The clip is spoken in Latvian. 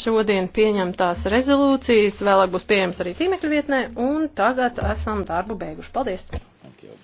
šodien pieņemtās rezolūcijas, vēlāk būs pieejams arī tīmekļu vietnē, un tagad esam darbu beiguši. Paldies! Thank you.